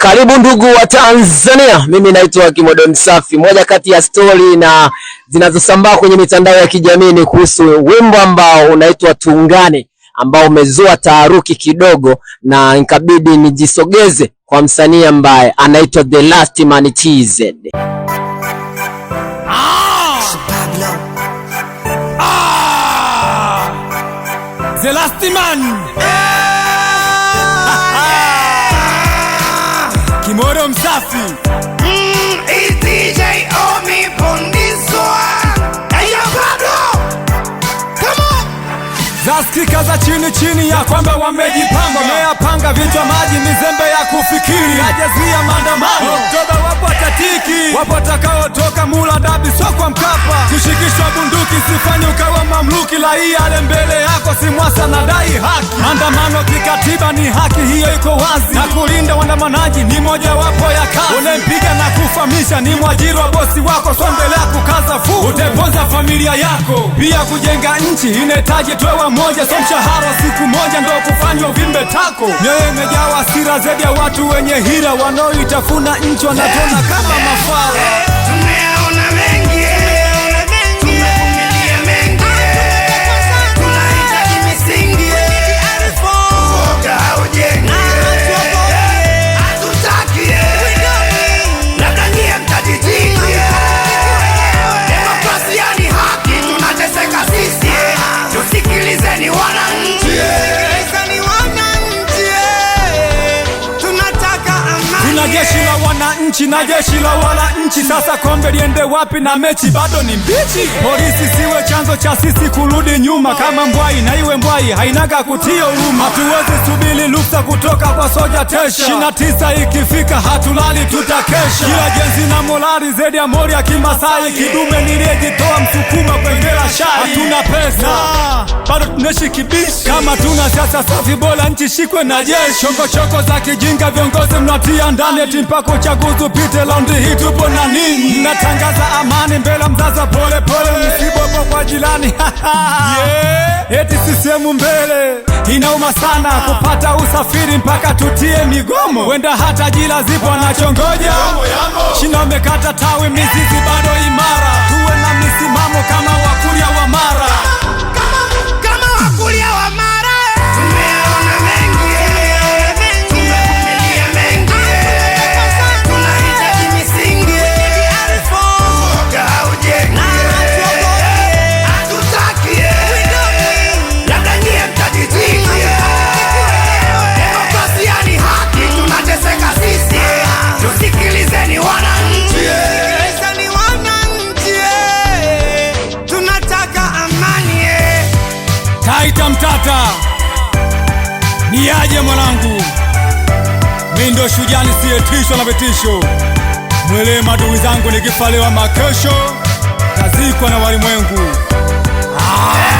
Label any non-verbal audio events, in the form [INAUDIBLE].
Karibu ndugu wa Tanzania, mimi naitwa Kimodon Safi. Moja kati ya stori na zinazosambaa kwenye mitandao ya kijamii ni kuhusu wimbo ambao unaitwa Tuungane, ambao umezua taharuki kidogo, na nikabidi nijisogeze kwa msanii ambaye anaitwa The Last Man TZ. Ah! Ah! The Last Man. Eh! moyo msafi mm, e zaskika za chini chini ya kwamba wamejipamba, meyapanga vichwa Mimi kwa Mkapa kushikishwa bunduki, sifanye ukawa mamluki. Raia ale mbele yako si mwasa, dai haki. Maandamano kikatiba ni haki, hiyo iko wazi, na kulinda waandamanaji ni moja wapo ya kazi. Unempiga na kufamisha ni mwajiri wa bosi wako, so endelea kukaza fu, utaponza familia yako. Pia kujenga nchi inahitaji twewa moja, so mshahara siku moja ndo kufanywa uvimbe tako. Mioyo imejawa hasira zaidi ya watu wenye hira wanaoitafuna nchi wanatona kama mafala nchi na jeshi la nchi. Sasa kombe liende wapi na mechi bado ni mbichi? Polisi siwe chanzo cha sisi kurudi nyuma, kama mbwai na iwe mbwai hainaga kutio huruma. Hatuwezi subili luksa kutoka kwa soja tesha. ishirini na tisa ikifika hatulali tutakesha, kila jenzi na morali zedi ya mori ya Kimasai, kidume niliyejitoa msukuma kwengela shai. Hatuna pesa bado tunaishi kibisi, kama tuna siasa safi bora nchi shikwe na jeshi. Chokochoko za kijinga viongozi mnatia ndani timpako mpaka uchaguzi tupite laundi hii, tupo na ninyi, natangaza amani mbele mzaza, pole pole msibopo kwa jilani [LAUGHS] yeah. Eti sisemu mbele inauma sana kupata usafiri mpaka tutie migomo, wenda hata jila zipo anachongoja, shina umekata tawi mizizi Taita mtata, aje mwanangu, mi ndo shujaa nisiyetishwa na vitisho, mwelee maduwi zangu, nikifalewa makesho tazikwa na walimwengu. Ah.